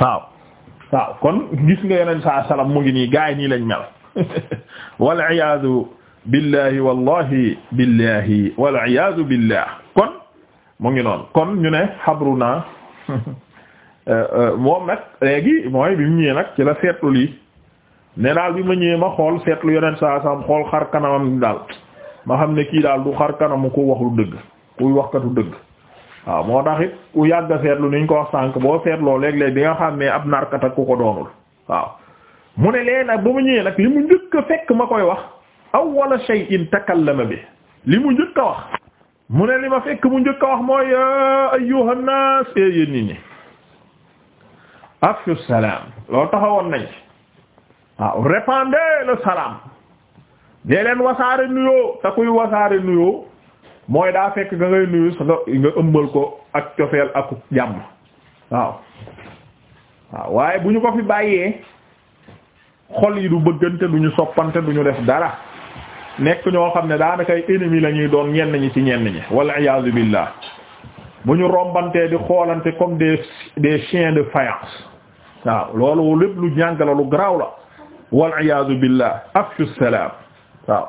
waaw waaw kon gis nga yeneen saa salaam mu ngi nii gaa yi nii lañ mel wal iyaadu billahi wallahi billahi wal iyaadu billah kon mu ngi noonu kon ñu ne xabru naa euh, euh, moom nag léegi mooy bi mu ñëwee nag ci la seetlu lii ne daal bi ma ñëwee ma xool seetlu yeneen saa salaam xool xar kanamam daal ma xam ne kii daal du xar kanamu ku waxul dëgg kuy waxkatu dëgg waaw moo taxit u ku yàgg seetlu ni ko wax sànq boo seetloo léeg-léeg di nga xam ne ab narkat ak ku ko doonul waaw mu ne lee nag ba mu ñëwee nag li mu njëkk a fekk ma koy wax awwala shay'in takallama bi li mu njëkk a wax mu ne li ma fekk mu njëkk a wax mooy ya ayyuhan nas e eh, yéen nit ñi afshu loolu taxawoon nañ waaw répandez le salam dee leen wasaare nuyoo te kuy wasaare nuyoo mooy daa fekk nga ngay nuyu nga nga ëmbal ko ak cofeel ak jàmm waaw waaye bu ñu ko fi bàyyee xol yi du bëggante du ñu soppante du ñu def dara nekk ñoo xam ne daanaka ay ennemis ñuy doon ñenn ñi ci ñenn ñi walla iyaazu billah bu ñu rombantee di xoolante comme des des chiens de faïence waaw loolu lépp lu ñàng la lu garaaw la walla iyaazu billah afshu salaam waaw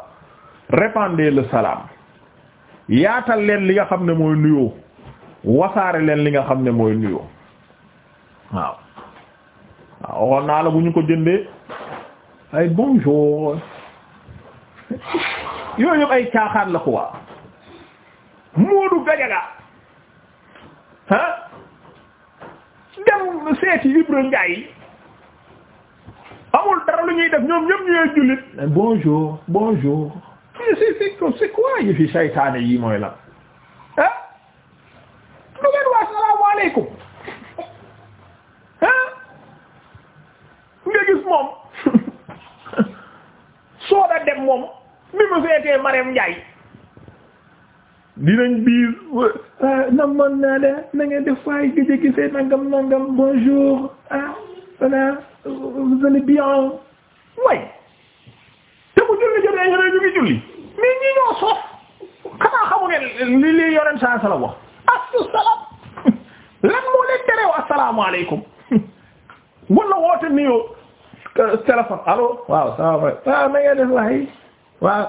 répandez le salam yaatal leen li nga xam ne mooy nuyoo wasaare leen li nga xam ne mooy nuyoo waaw waaw naa la bu ñu ko jëndee ay bonjour yooyu yëpp ay caaxaan la ko waa Moodu Gajaga ah dem seeti Ibra Njaay amul dara lu ñuy def ñoom ñëpp ñooy jullit bonjour bonjour mais c'est c'est c'est quoi yi fi saytaane yi mooy lan ah lu ngeen wax salaamaaleykum ah nga gis moom soo da dem moom ni mu seetee Marème Ndiaye dinañ biir eh, na mën naa de na ngeen def waay gëjë gisee nangam nangam bonjour ah voilà vous allez bien way nee nga ñu ñoo soof xanaa xamu li li yoneen saa sala wax assalam lan moo leen tereew asalaamaaleykum wala woote nuyoo euh, téléphone allo waaw salaamaaleykum ah, waaw na ngeen def waay waaw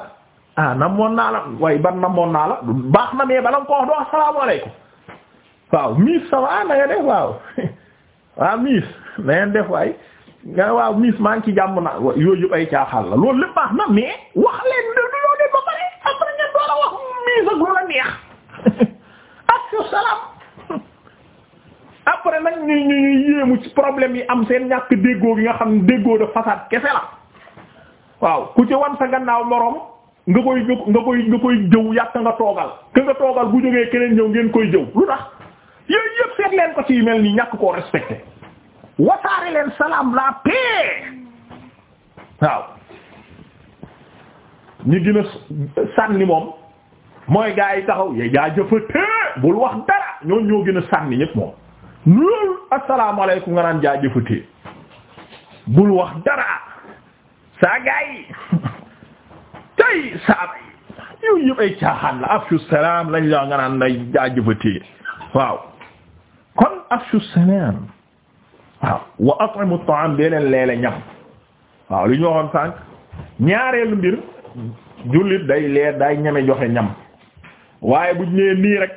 ah namoon naa la waaye ban namoon naa la baax na mais bala nga ko wax doo waaw miis ça va na ngeen def waaw waaw ah, miis na ngeen def waay nga waaw miis maa ngi ci jàmm na yooyu yëpp ay caaxaan la loolu lépp na mais wax leen de du loo leen ba pare après ngeen door a wax miis ak lu la neex après nag ñu ñu ñu yéemu ci problème yi am seen ñàkk déggoo bi nga xam ne déggoo de façade kese la waaw ku ci wan sa gannaaw moroom nga koy nga koy nga koy jëw yàq nga toogal ke nga toogal bu jógee keneen ñëw ngeen koy jëw lu tax yooyu yëpp seet ko ci mel ni ñàkk koo respecté wasaare leen salaam la paix waaw ñu gën a sànni moom mooy gaa yi taxaw yee jaa jëfatee bul wax dara ñooñ ñoo gën a sànni ñépp moom loolu assalaamu alaykum nga naan jaa jëfatee bul wax dara saa gaa yi tey saaba yi yooyu yëpp ay caaxaan la afshu salaam lañ la nga naan nday jaa jëfatee waaw kon afshu salaam waaw wa at'imu at-ta'am dee leen leele ñam waaw lu ñu waxoon sànq ñaareelu mbir jullit day leer day ñame joxe ñam waaye bu ñu nee nii rek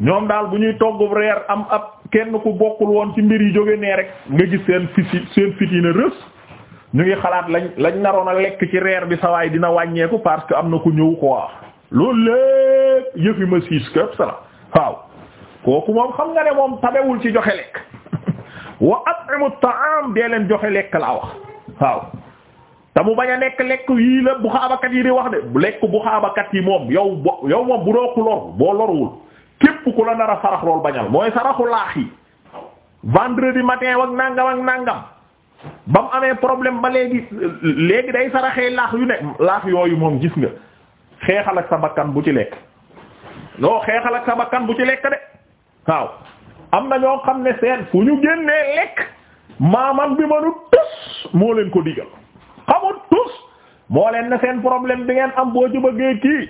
ñoom daal bu ñuy togg reer am ab kenn ku bokkul woon ci mbir yi jóge nee rek nga gis seen fiti seen fiti na rës ñu ngi xalaat lañ lañ naroon a lekk ci reer bi sawaay dina wàññeeku parce que am na ku ñëw quoi loolu lépp yëfi ma siis këpp sa la waaw kooku moom xam nga ne moom tabewul ci joxe lekk wa at'imu ta'am dee leen joxe lekk laa wax waaw te mu bañ a nekk lekk yii la bu xaabakat yi di wax de lekk bu xaabakat yi moom yow bo yow moom bu doo ku lor boo lorwul képp ku la nar sarax loolu bañal mooy saraxu laax yi vendredi matin wak nangam ak nangam ba amee problème ba léegi léegi day saraxee laax yu ne laax yooyu moom gis nga xeexal ak sa bakkan bu ci lekk loo xeexal ak sa bakkan bu ci lekk waaw am na ñoo xam ne seen fu ñu génnee lekk maamam bi mënu tus moo leen ko digal xamul tus moo leen ne seen problème bi ngeen am boo ci bëggee kii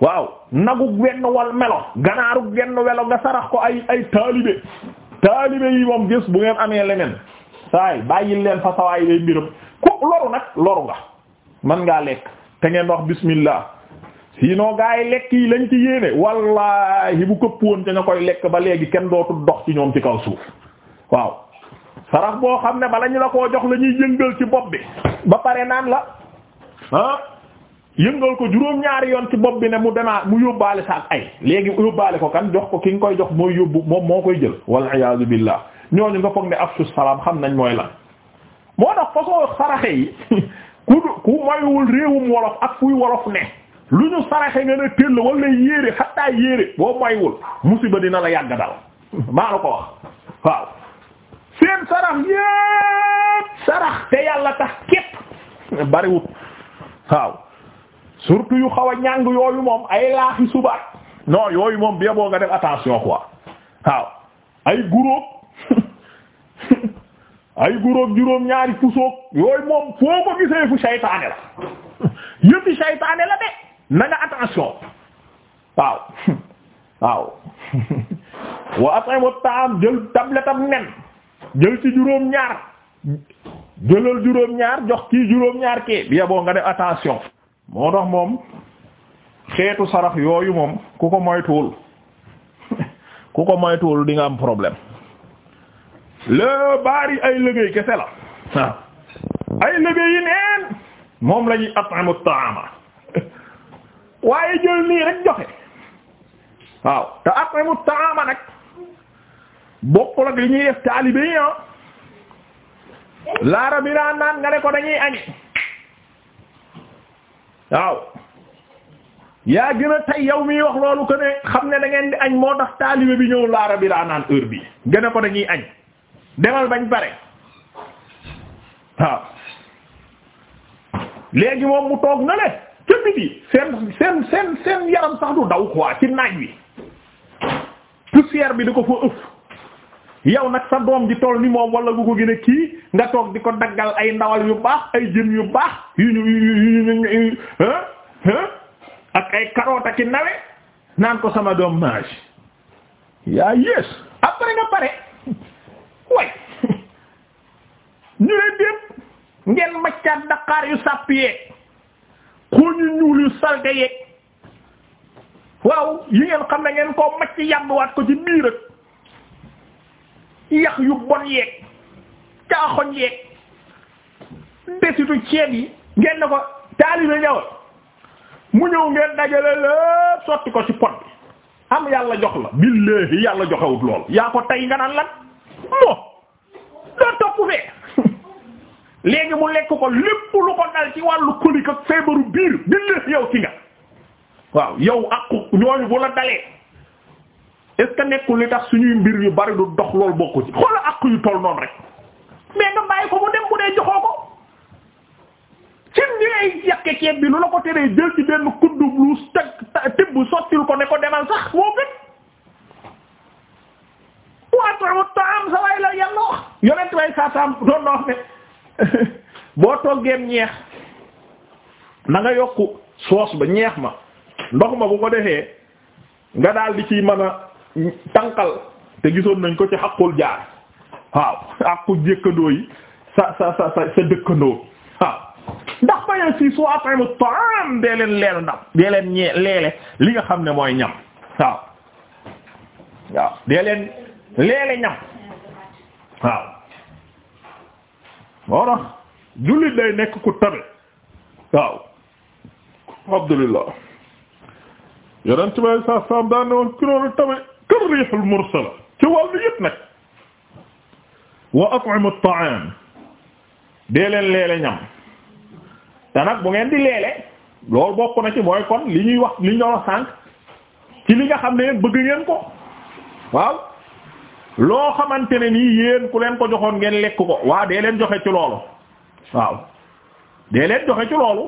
waaw nagu wenn wal melo ganaaru genn welo nga sarax ko ay ay taalibe taalibe yi moom gis bu ngeen amee leneen saay bàyyil leen fa sawaay bi mbiram ku loru nag loru nga mën ngaa lekk te ngeen wax bismillah sinon gaa yi lekk yi lañ ci yéene wallahi bu këpp woon ca ña koy lekk ba léegi kenn dootul dox ci ñoom ci kaw suuf waaw sarax boo xam ne bala ñu la koo jox lañuy ñuy yëngal ci bopp bi ba pare naan la ah yëngal ko juróom ñaari yoon ci bopp bi ne mu demaa mu yóbbaale sa ak ay léegi yóbbaale ko kan jox ko ki nga koy jox mooy yóbbu moom moo koy jël wal iyaazu billah ñooñu nga foog ne afsu salaam xam nañ mooy lan moo tax façon saraxe yi ku ku mayul ak fuy wolof ne lu ñu saraxe nga ne tëll wala yéere xattaa yéere boo maywul musiba dina la yàgga dal maa la ko wax seen sarax yépp sarax te yàlla tax képp bariwut surtout yu xaw a ñàng yooyu moom ay laaxi subaat non yooyu moom bi boo nga def attention quoi waaw ay guróog ay guróog juróom ñaari pusoog yooyu moom foo ko gisee fu saytaane la yëpp saytaane la de na nga attention waaw waaw wa at'imu ta'am jël tabletam nen jël ci juróom ñaar jëlal juróom ñaar jox kii juróom ñaar kii bi yeboo nga def attention moo tax moom xeetu sarax yooyu moom ku ko moytuwul ku ko moytuwul di nga am problème le bari ay liggéey kese la ay liggéey yi neen moom lañuy at'imu ta'ama waaye jël nii rek joxe waaw te at'imu ta'ama nag bokkul ak li ñuy def taalibe yi ah laara bi naan naan nga ne ko dañuy añi waaw yaa gën a tey yow miy wax loolu ko ne xam ne da ngeen di añ moo tax taalibe bi ñëw laara bi laa naan bi gën ko dañuy añ demal bañ pare waaw léegi moom mu toog na le midi seen seen seen seen yaram sax du daw quoi ci naaj wi poussière bi di ko fa ëpp yow nag sa doom ji toll ni moom wala bu ko gën a kii nga toog di ko daggal ay ndawal yu baax ay jën yu baax yu ñu yu ak ay carottes ak i nawe naan ko sama doom mange yaa yées après nga pare way ñu leen dem ngeen maccaat daqaar yu sàpp yee ku ñu ñuul yu salte yeeg waaw yi ngeen xam ne ngeen koo macc yàbbuwaat ko ci biir yax yu bon yeeg caaxoñ yeeg desitu ceeb yi ngeen ne ko taalibe ñëwal mu ñëw ngeen dajale lépp sotti ko ci pot bi am yàlla jox la billahi yàlla joxewut lool yaa ko tey nga naan moo doo topp fee léegi mu lekk ko lépp lu ko dal ci wàllu colique ak feebaru biir billahi yow ci nga waaw yow ak ñooñu bu la dalee est ce nekkul li tax suñuy mbir yu bari du dox loolu bokku ci xoola ak yu toll noonu rek mais nga bàyyi ko mu dem bu dee joxoo ko ci ñi ngay yàqe ceeb bi lu la ko teree jël ci benn kuddu lu teg tibb sottil ko ne ko demal sax moo gën waatu taam sa way la yàlla wax yonent way sa sam doon na wax ne boo toggeem ñeex nanga nga yokk soos ba ñeex ma ndox ma bu ko defee nga daal di ciy mën a tànqal te gisoon nañ ko ci xaqul jaar waaw aqu jëkkandoo yi sa sa sa sa dëkkandoo waaw ndax baye si su at'imu ta'am dee leen leelu ndam dee leen ñee leele li nga xam ne mooy ñam waaw waaw dee leen leele ñam waaw moo tax jullit nekk ku tabe waaw alhamdulillah yonent bi saa saam daan ne woon kunoonu tabe kër riixul mursala ci wàllu yëpp nag wa at'imu at-ta'am dee leen ñam te nag bu ngeen di leele loolu bokk na ci mooy kon li ñuy wax li ñoo sànq ci li nga xam ne bëgg ngeen ko waaw loo xamante ne nii yéen ku leen ko joxoon ngeen lekk ko waa dee leen joxe ci loolu waaw dee joxe ci loolu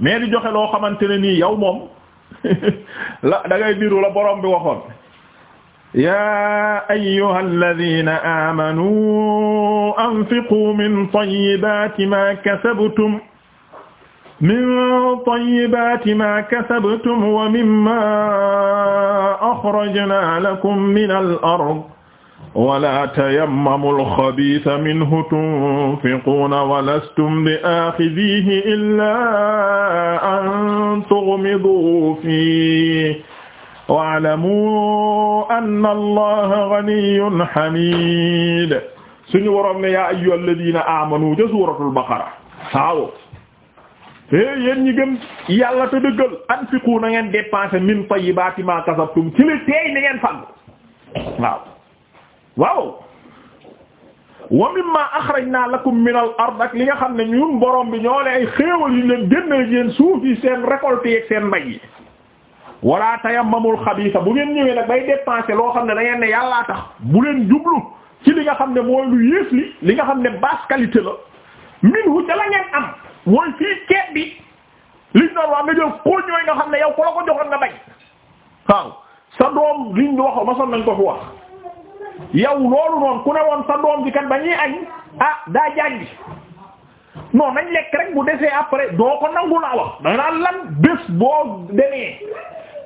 mais di joxe loo xamante ne nii yow moom la da ngay la borom bi waxoon yaa ayyuha alladhina amanu anfiqu min tayyibati ma kasabtum min tayyibaati maa kasabtum wa mimmaa axrajnaa lakum minal ard wala tayammamul xabiisa minhu tunfiquuna walastum bi aaxiziihi illaa an tuxmiduu fiihi wa'lamuu anna Allaaha ganiyyun hamiid. suñu waroon ne yaa ayyuhal laziina aamanuu ca suuratul baqara. waaw. é eh, yéen ñi gëm yàlla te dëggal anfiqu na ngeen dépenser min tayyibati ma kasabtum ci li teey ni ngeen fàgg waaw waaw wa mimma akhrajna lakum min al ard ak li nga xam ne ñun borom bi ñoo leen ay xéewal yu leen génne yéen suuf yi seen récolte yeeg seen mbay yi wala tayammamul xabiisa bu ngeen ñëwee nag bay dépenser loo xam ne da ngeen ne yàllaa tax bu leen jublu ci li nga xam ne mooy lu yées li nga xam ne basse qualité la min hu ca am mooy fii ceeb bi liñ doon wax nga jël kóoñ yooyu nga xam ne yow ku la ko joxoon nga bañ waaw sa doom liñ di waxoon masoon nañ ko fi wax yow loolu noonu ku ne woon sa doom ji kat ba ñuy añ ah daa jàngi non nañ lekk rek bu desee après doo ko nangu laa wax da nga lan bés boo demee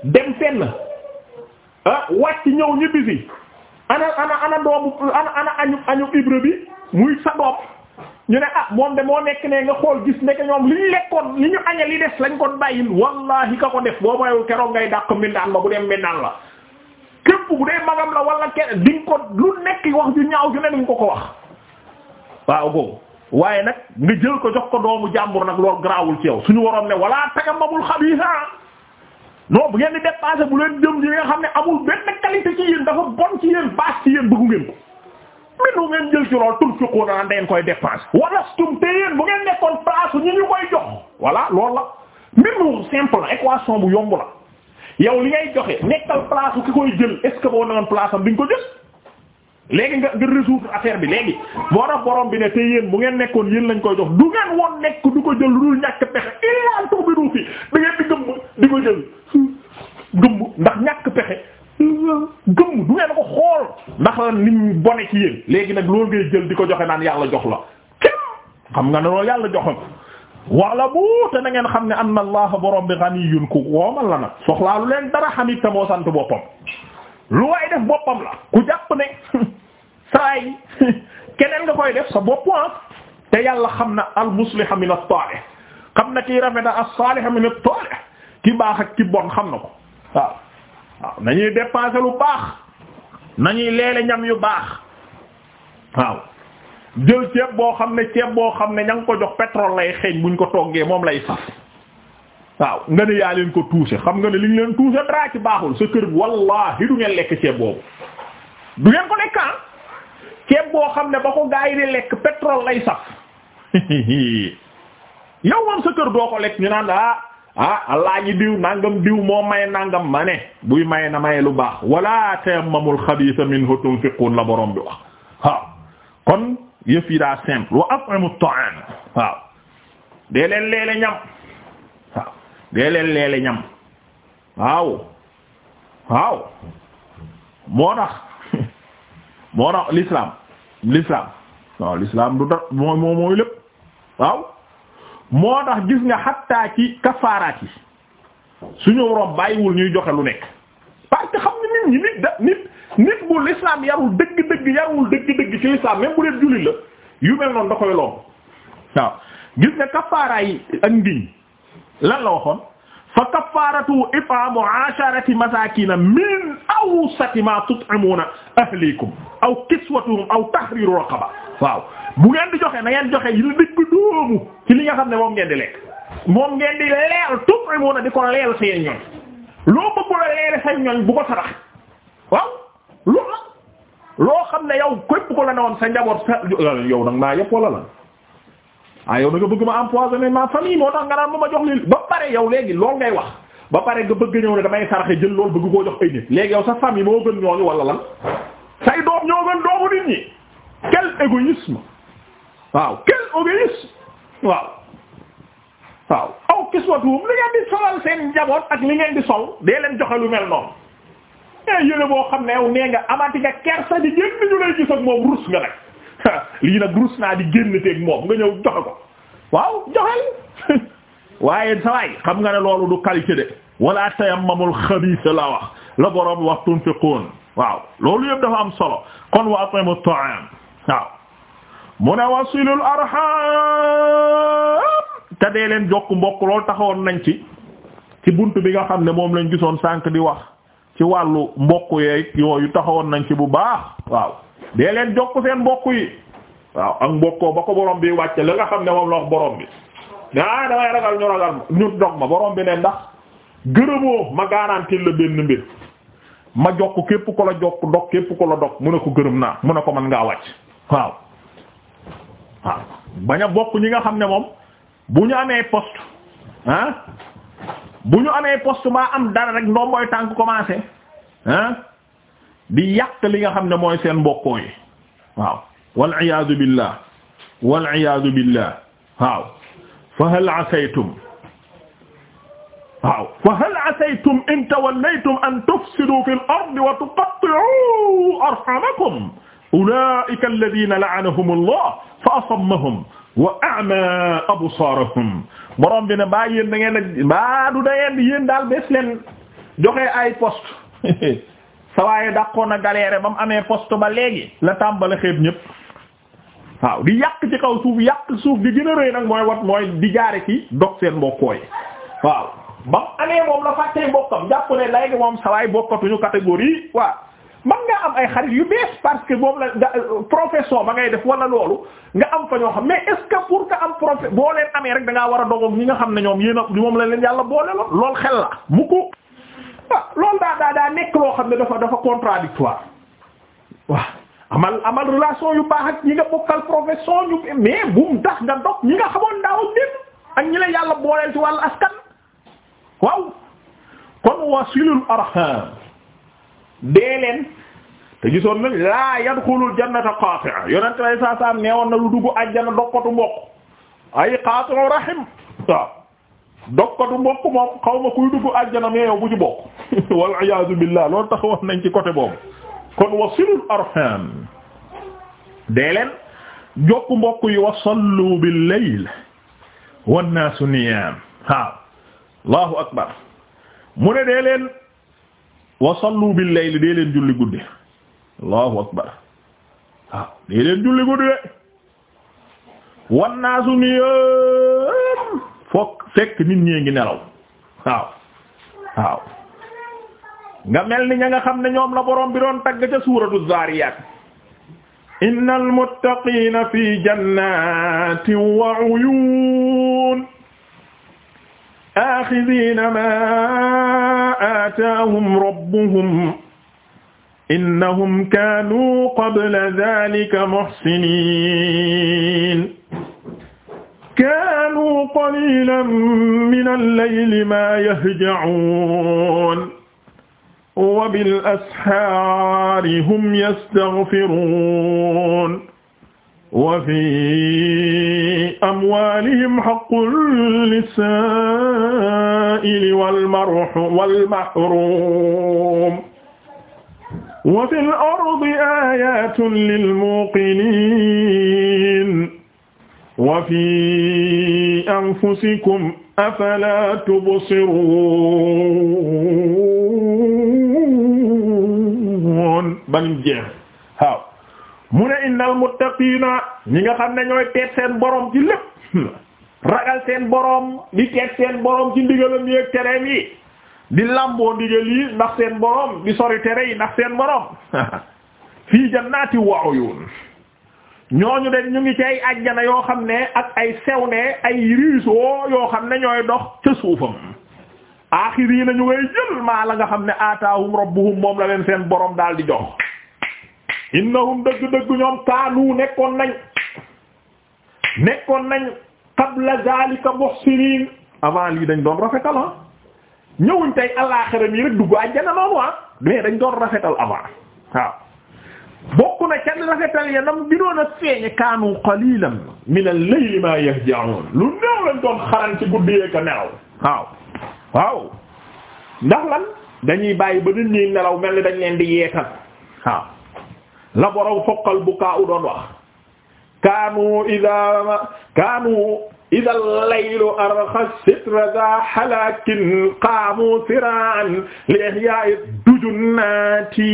dem fenn ah wàcc ñëw ñibbisi ana ana ana doomu ana añu añu ibre bi muy sa doom ñu ne ah moom de moo nekk ne nga xool gis nekk ñoom li ñu lekkoon li ñu añe li des lañ ko bàyyil wallahi ka ko def boo mayul keroog ngay dàq mbindaan ma bu dee mbindaan la képp bu dee magam la wala ke diñ ko lu nekk wax ju ñaaw ju ne duñ ko ko wax waaw ko waaye nag nga jël ko jox ko doomu jàmbur nag loolu garaawul ci su ñu waroon ne wala yi xabiisa non bu ngeen di dépassé bu leen jëm yi nga xam ne amul benn qualité ci yéen dafa ci yéen baax yéen bëggu ngeen ko minu ngeen jël ci lool tunfiquna naan dangeen koy dépenser walastum te yéen bu ngeen nekkoon place ñu ñu koy jox voilà loolu la minu simple équation bu yomb la yow li ngay joxe nekkal place ki koy jël est ce que boo newoon place am di nga ko jël léegi nga nga résoudre affaire bi léegi moo tax borom bi ne te bu ngeen nekkoon yéen lañ koy jox du ngeen woon nekk du ko jël lu dul ñàkk pexe ilaa tubiru fi da ngeen di gëmm di ko jël ndax xaman lim bone ci yéen léegi nag loolu ngay jël di ko joxe naan yàlla jox la xam nga ne loolu yàlla jox la wala bu te na ngeen xam ne anna allah borom bi ganiyun ku woomal la nag soxlaalu leen dara xam te moo sant boppam lu waay def boppam la ku jàpp ne saa yi keneen nga koy def sa bopp ah. te yàlla xam na al musliha min at-talih xam na kii rafet na as-salih min at-talih ki baax ak ki bon xam na ko waaw waaw nañuy dépasser lu baax nañuy leele ñam yu baax waaw jël ceeb boo xam ne ceeb boo xam ne ña ngi ko jox pétrole lay xeeñ buñ ko toggee moom lay saf waaw nga ne yaa leen ko tuuse xam nga ne li ñu leen tuuse dara ci baaxul sa kër wallahi du ngeen lekk ceeb boobu du ngeen ko lekk ah ceeb boo xam ne ba ko gaa di lekk pétrole lay saf yow moom sa kër doo ko lekk ñu naan ah ah alaaji diw nangam diw moo may nangam ma ne buy may na may lu baax wala tayammamul xabiisa minhu tunfiqun la borom bi wax kon yëf yi daa simple waaw dee leen leele ñam dee leen leele ñam waaw waaw moo tax moo tax l'islam l'islam waaw l'islam du dara mooy mooy lépp waaw moo tax gis nga xattaa ci kafaaraat yi suñu borom bàyyiwul ñuy joxe lu nekk parce xam ne nit ñi nit bu l'islam yarul dëgg-dëgg yarul dëgg-dëgg ci l'islam même bu dee jullit la yu mel noonu da koy waaw gis nga kafaara yi ak lan la waxoon fa kafaratu it'amu asharati masakina min awsati ma tut'imuna ahlikum aw kiswatuhum aw tahriru raqaba waaw bu ngeen di joxe na ngeen joxe yi la digg doomu ci li nga xam ne moom ngeen di lekk moom ngeen di leel tupri mun a di ko leel seen ñoñ loo bëggu la leele seen ñoñ bu ko sarax waaw loolu la xam ne yow képp ko la ne woon sa njaboot sa yow nag maa yëpp wala la ah yow na nga bëgg ma empoisonner ma famille moo tax nga naan ma ma jox li ba pare yow léegi lool ngay wax ba pare nga bëgg ñëw ne damay saraxe jël loolu bëgg koo jox ay nit léegi yow sa famille moo gën ñooñu wala lan say doom ñoo gën doomu nit ñi quel égoïsme waaw quel organisme waaw waaw aw kiswatuhum li ngeen di solal seen njaboot ak li ngeen di sol dee leen joxe lu mel noonu mais eh, yële boo xam ne yow nee nga amati nga kersa di génn ñu lay gis ak moom rus nga nag lii nag rus naa di génn teeg moom nga ñëw joxe ko waaw joxel waaye sawaay xam nga ne loolu du qualité de wala tayammamul xabiisa la wax la boroom wax tunfiqun waaw loolu yëpp dafa am solo kon wa at'imu ta'am waaw mu ne wasilul arham te dee leen jokk mbokk loolu taxawoon nañ ci ci bunt bi nga xam ne moom lañ gisoon sànq di wax ci wàllu mbokk yeeg yooyu taxawoon nañ ci bu baax waaw dee leen jokk seen mbokk yi waaw ak mbokkoo ba ko borom bi wàcce la nga xam ne moom la wax borom bi ah damay ragal ñu ragal ñu dog ma borom bi ne ndax gërëmoo ma garantie la benn mbir ma jokk képp ko la jokk dog képp ko la dog mu ne ko gërëm naa mu ne ko mën ngaa wàcc waaw waaw bañ a bokk ñi nga xam ne moom bu ñu amee poste ah bu ñu amee poste maa am dara rek ndomboy tànk commencé ah di yàq li nga xam ne mooy seen mbokkoo yi waaw wal iyaadu billah wal iyaadu billah waaw fa hal asaytum waaw fa hal asaytum in tawallaytum an tufsidu fil ardi wa tuqatti'u arhamakum ulaa'ika alladhiina la'anahumullah fa asammahum wa a'ma absaarahum borom bi ne baa yéen da a baa du da ngeen yéen daal bés leen joxe ay poste sa waaye dàqoon a galère ba mu amee poste ba léegi la tàmbale xeeb ñépp waaw di yàq ci kaw suuf yàq suuf di gën a rëy nag mooy wat mooy di jaare ci dog seen mbokkooy waaw ba mu amee moom la fàttee mbokkam jàpp ne léegi moom sa bokkatuñu catégorie waaw man ngaa am ay xarit yu bees parce que moom la nga euh, profession ba ngay def wala loolu nga am fa ñoo xam mais est pour nga am profe boo leen amee rek dangaa war a dogoog ñi nga xam ne ñoom yéen a moom la leen yàlla boole la lool xel la mu ko ah loolu daa daa daa nekk loo xam ne dafa dafa contradictoire waaw amal amal relation yu baax ak ñi nga bokkal profession ñu mais bu mu tax nga dog ñi nga xamoon daaw démb ak ñi la yàlla booleel ci wàllu askan dee leen te gisoon nañ laa yadxulul jannata qaati'a yonent lay saa saa neewoon na lu dugg àjjana dokkatu mbokk ay qaati'u rahim waaw dokkatu mbokk moom xaw ma kuy dugg àjjana mais yow bu ci bokk wal iyaazu billaah loolu taxawoon nañ ci côté boobu kon wasilul arham dee leen jokk mbokk yi wa sallu bil layl wan naasu niyaam waaw akbar mu ne dee wa sallu bil layli dee leen julli guddi allahu akbar waaw leen julli guddi de wan naa su niyam fokk fekk nit ñee ngi nelaw waaw waaw nga mel ni ña nga xam ne ñoom la borom bi doon tagg ca suuratu zaariyaat innal muttaqiina fi jannatin wa uyuun axidina ma aataahum rabbuhum innahum kaanu qabla daalika muhsiniin kaanu qaliilan minal layli maa yahja'uun wa bil ashaari hum yastaghfiruun wa fi amwaalihim haqqun lis-saa'ili wal mahruum wa fil ardi aayaatun lil-muuqiniin wa fi anfusikum afalaa tubsiruun ban jeex waaw mu ne innal muttaqiina ñi nga xam ne ñooy teet seen borom ci lépp ragal seen borom di teet seen borom ci ndigalam yi tereem yi di lamboo ndigal yi ndax seen borom di sori tere yi ndax seen borom fii jannaati wa uyun ñooñu de ñu ngi ci ay ajjana yoo xam ne ak ay sew ne ay ruisseaux yoo xam ne ñooy dox ca suufam aaxiri na ñu ngay jël maa la nga xam ne aataahum rabbuhum moom la leen seen boroom daal di jox. innahum dëgg-dëgg ñoom kaanu nekkoon nañ nekkoon nañ qabla zalika muhsinin avant lii dañ doon rafetal ah ñëwuñ tey àllaaxira yi rek dugg àjjana noonu ah mais dañ doon rafetal avant bokk na kenn rafetal ya nam ginoon a feeñe kaanu qalilan min al-layli ma yahja'un lu néew lañ doon xaran ci guddi yee nelaw waaw waaw ndax lan dañuy bàyyi ba nit ñi nelaw mel ni dañ leen di yeetal waaw la borom foqal bukaa u doon wax kaanu ida kaanu ida laylu arxa sitra za halakin qaamu siraan li ihya'i dujunnaati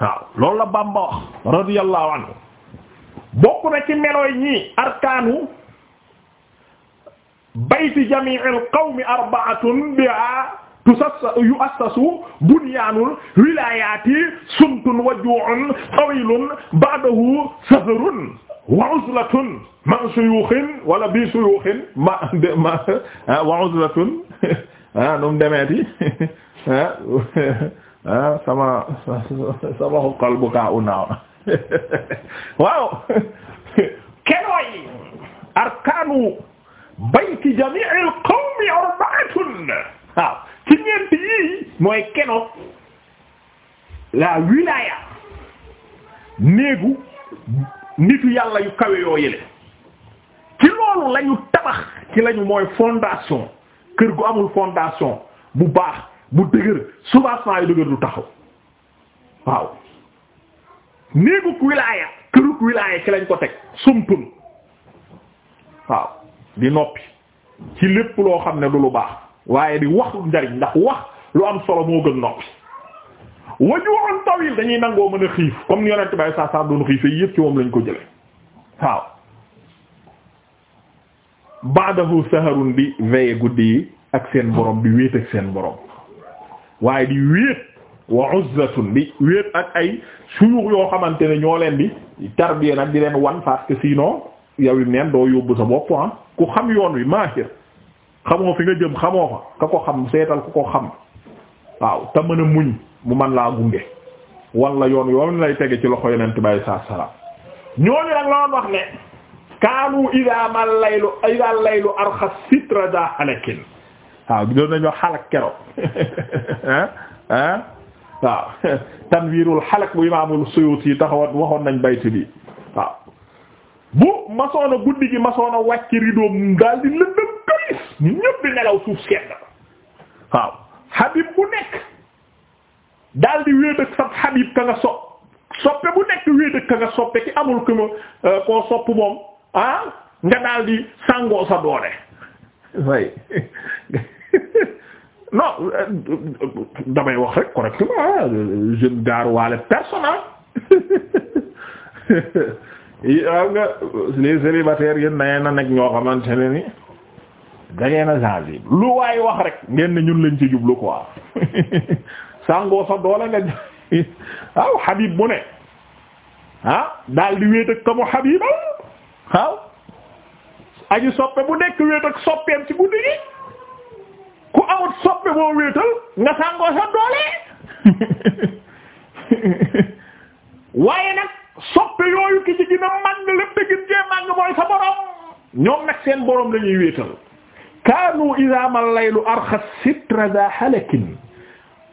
waaw loolu la Bamba wax radiyallahu anhu bokk na ci melooy ñii arkaanu bayti jami'il qawmi arba'atun biha tusassa yu assasu bunyaanul wilayaati sumtun wa ju'un tawilun ba'dahu sahrun wa uzlatun ma suyuxin wala bi suyuxin ma ma ah, wa uzlatun ah nu mu demeeti ah, ah sama sama xol bu kaa u naaw waaw kenooy arkaanu bayti jami'il qawmi arba'atun waaw mooy keno la wilaya néegu nitu yàlla yu kawe yoo yële ci loolu la tabax ci lañu mooy fondation kër gu amul fondation bu baax bu dëgër soubassement yu dëgër du taxaw waaw néeguk wilaya këruk wilaya ci lañ ko teg sumtun waaw di noppi ci lépp loo xam ne du lu baax waaye di wax njariñ ndax wax lu am solo moo gën noppi waju'un tawil dañuy nangoo mën a xiif comme ni yonent bay saa saa doon xiifee yëpp ci moom lañ ko jële waaw ba'dahu saharun di veye guddi yi ak seen borom di wéet ak seen borom waaye di wéet wa uzzatun di wéet ay suyux yoo xamante ne ñoo leen di tarbiya nag di leen wan parce que sinon yow it neen doo yóbbu sa bopp ah ku xam yoon wi maahir xamoo fi nga jëm xamoo fa ka ko xam seetal ku ko xam waaw te mën a muñ mu man laa gunge wala yoon yoon lay tege ci loxo yonent bi saa salaam ñooñu nag la wax ne kaanu idaa ma laylu idaa laylu arxas sitra daa halakin waaw doon nañu xalak kero ah ah waaw tanwiirul xalak bu waxoon nañ baytu bi waaw bu masoona guddi gi masoona wàcc ridoom daal di lëndëm këris ñëpp di nelaw suuf sedd waaw xabib bu nekk daal di wéet ak sa ka nga sopp soppe bu nekk wéet ka nga soppe ki amul ku ma euh, koo sopp moom ah, nga daal di sàngoo sa doole way damay wax rek correctement jeune gaar waale personnel yi nga les célibataires yéen na nekk ñoo xamante ne ni da ngeen a sensible lu waay wax rek ngeen ne ñun lañ ci jublu quoi sàngoo sa doole nga waaw Habib ne ah daal di wéet ak ka mu Habibal waaw aji soppe bu nekk wéet ak soppeem ci guddi gi ku awut soppe boo wéetal nga sàngoo sa doole waaye nag soppe yooyu ki ci gën a màgg lépp te gën cee màgg mooy sa borom ñoom nag seen borom lañuy wéetal kaanu idaa ma laylu arxa sitra daa halakin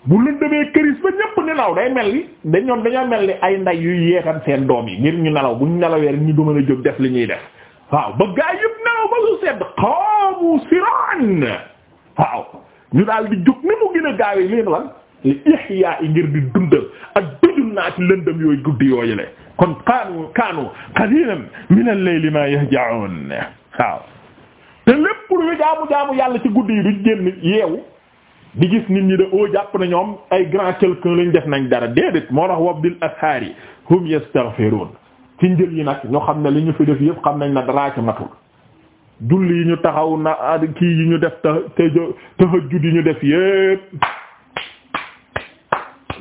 bu lëndëmee këris ba ñëpp nelaw day mel ni dañ ñoom mel ni ay nday yuy yeexan seen doom yi ngir ñu nelaw bu ñu nelawee rek ñu duman a jóg def li ñuy def waaw ba gaay yëpp nelaw ba su sedd qaamu siraan waaw ñu daal di jóg ni mu gën a gaawee leen lan li ihya yi ngir di dundal ak dëjul naa ci lëndëm guddi yooyu le kon kaanu kaanu qalilan min al ma yahja'un te lépp lu jaamu jaamu yàlla ci guddi yi duñ génn yeewu di gis nit ñi de oo oh, jàpp na ñoom ay grand quelqu'un lañ def nañ dara déedéet moo tax wa bil ashaari hum yastaghfirun ci njël yi nag ñoo xam ne li ñu fi def yëpp xam nañ na daraa ci matul julli yi ñu taxaw na kii yi ñu def ta tahajjud yi ñu def yëpp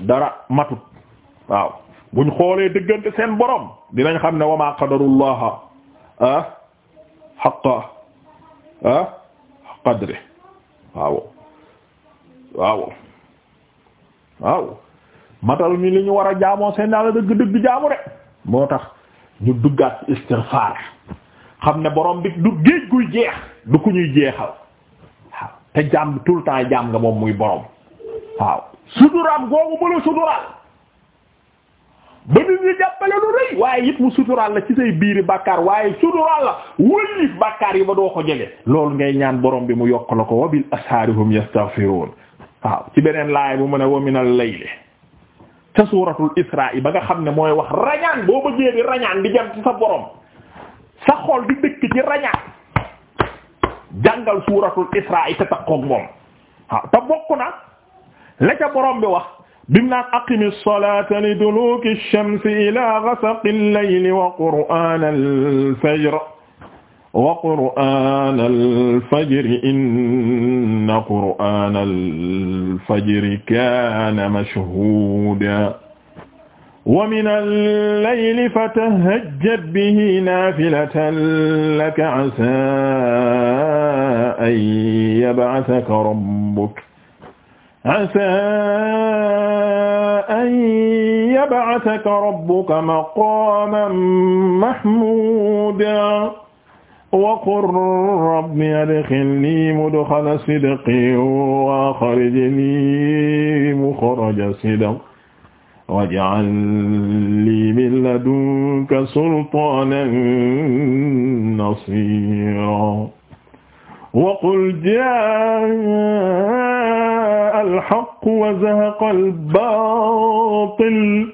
dara matut waaw buñ xoolee dëggante seen boroom dinañ xam ne wa ma qadarullaha ah xaqa ah qadri waaw waaw waaw matal mi li ñu war a jaamoo seen daal dëgg dëgg jaamu de moo tax ñu duggaat istighfar xam ne borom bi du géej guy jeex du ku ñuy jeexal te jaam tout le temps jaam nga moom muy borom waaw suturaam googu mu la suturaal ba nit ñi jàppale lu rëy waaye it mu suturaal la ci say biiri bàkkaar waaye suturaal la wëllif bàkkaar yi ba doo ko jege loolu ngay ñaan borom bi mu yokk la ko wa bil asharihum waaw ci beneen laay bu mu ne wa minal layli ca suuratul israa ba nga xam ne mooy wax rañaan boo bëggee di rañaan di jam ci sa borom sa xol di dëkk ci rañaan jàngal suuratul israa te takkook moom te bokk na la ca borom bi wax bim naan aqimi salaata li duluuki shamsi ilaa ghasaqi layli wa qur'aana al-fajri wa qur'aana al-fajri inna qur'aana al-fajri kaana mashhuuda wa mina al-layli fatahajjad bihi naafilatan laka asaa an yab'athaka rabbuka asaa an yab'athaka rabbuka maqaaman mahmuudan wa qul rabbi adkhilnii mudkhala sidqin wa akhrijnii mukhraja sidqin waj'al lii min ladunka sultaanan nasiiraa waqul jaa alxaq wa zahaqa albaatil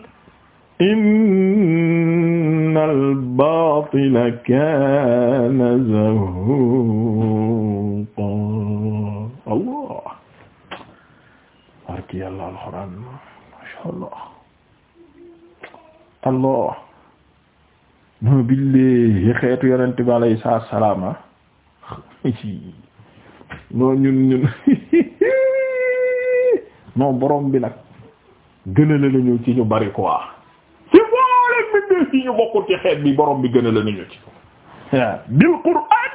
inna albaatila kaana zahuuqa allah barki yàlla alxuraan masha allah allah no billahi xeetu yonent bi alayhi salaam non ñun ñun non borom bi nag gën la ñu ci ñu bari quoi ci boole bindee ci ñu bokkul xeet bi borom bi gën la ñu ci bil qur'an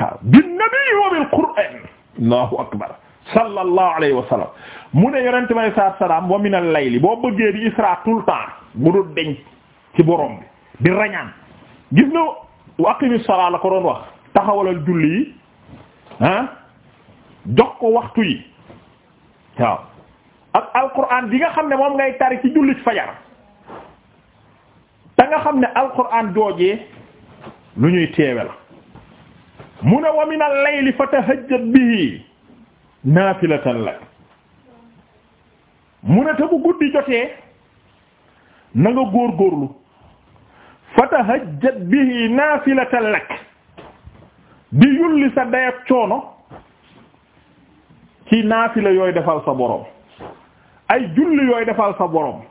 waaw bin nabi wa akbar sallallahu alayhi wa mu ne yonente bi alayhi salaatu wa salaam wa min al boo bëggee di isra tout le temps bu ci borom bi di rañaan gis nga wa aqimis la ko doon wax taxawalal julli yi ah ko waxtu yi waaw ak alquran bi nga xam ne moom ngay tari ci jullit fajar te xam ne alquran joojee lu ñuy teewe la mu ne wa min al-layli fatahajjad bihi naafilatan lak mu ne te guddi jotee na nga góorgóorlu fatahajjad bihi naafilatan lak di yulli sa day ak coono ci la yooy defal sa boroom ay julli yooy defal sa boroom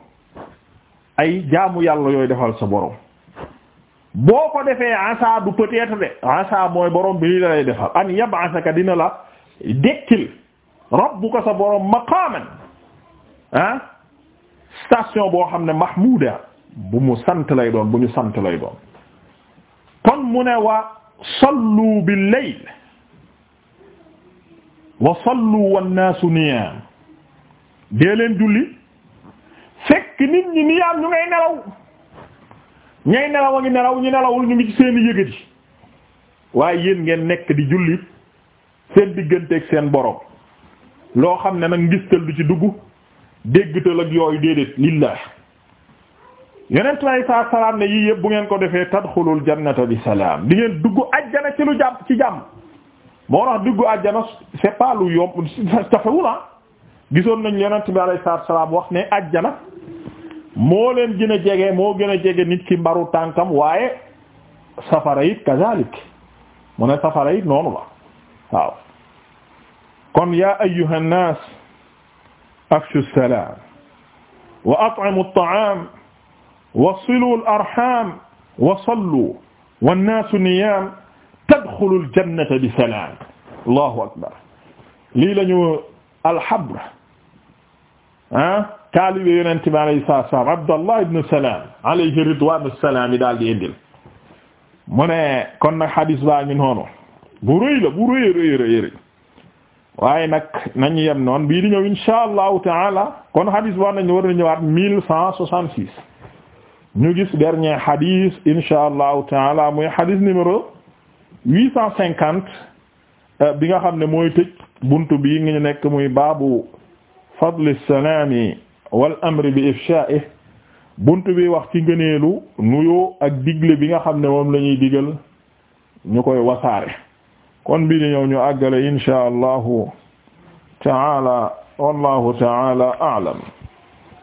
ay jaamu yàlla yooy defal sa boroom boo ko defee asa du peut-être de asa mooy boroom bi li la lay defal an yab'asaka dina la dekkil rabbuka sa boroom maqaman ah station boo xam ne mahmuda bu mu sant lay doon bu ñu sant lay doon kon mu ne waa sallu bil layl wa sallu wannaasu niyaam dee leen julli fekk nit ñi niyaam ñu ngay nelaw ñay nelaw a ngi nelaw ñu nelawul ñu ngi ci seeni yëgëdi waaye yéen ngeen nekk di julli seen digganteeg seen boroom loo xam ne nag ngistal du ci dugg déggtal ak yooyu déedéet lillah yeneen tubaab yi saa salaam ne yii yëpp bu ngeen ko defee tadxulul jannata bi salaam di ngeen dugg ajjana ci lu jàpp ci jàmm moo tax dugg ajjana c'est pas lu yomb cafewul ah. gisoon nañ yeneen tubaab yi saa salaam wax ne ajjana moo leen gën a jege moo gën a jege nit ki mbaru tànkam waaye safara it kazalik mu ne safara it noonu la waaw kon yaa ayyuhan naas afshu salaam wa at'imu at-ta'aam wasiluu al-arham wa sallu wannaasu niyaam tadxulu al-jannata bi salaam allahu akbar lii la ñu alhabra ah taalibe yonente bi alayhi salaatu wa salaam Abdallah ibn Salaam alayhi ridwaanu salaam yi daal di indil mu ne kon nag hadis baa ngi noonu bu rëy la bu rëy rëy rëy rëy waaye nag nañu yem noonu bii di ñëw inshaa Allahu taala kon hadis boo nañ war na ñëwaat mille cent soixante-six ñu gis dernier hadith insha allahu taala muy hadith numéro huit cent cinquante euh, bi nga xam ne mooy tëj buntu bii ngi nekk muy baabu fadli salaami wal amri bi ifshaa'ihi buntu bi wax ci ngëneelu nuyoo ak digle bi nga xam ne moom la ñuy digal ñu koy wasaare kon bi di ñu àggale insha allahu taala wallahu taala a'lam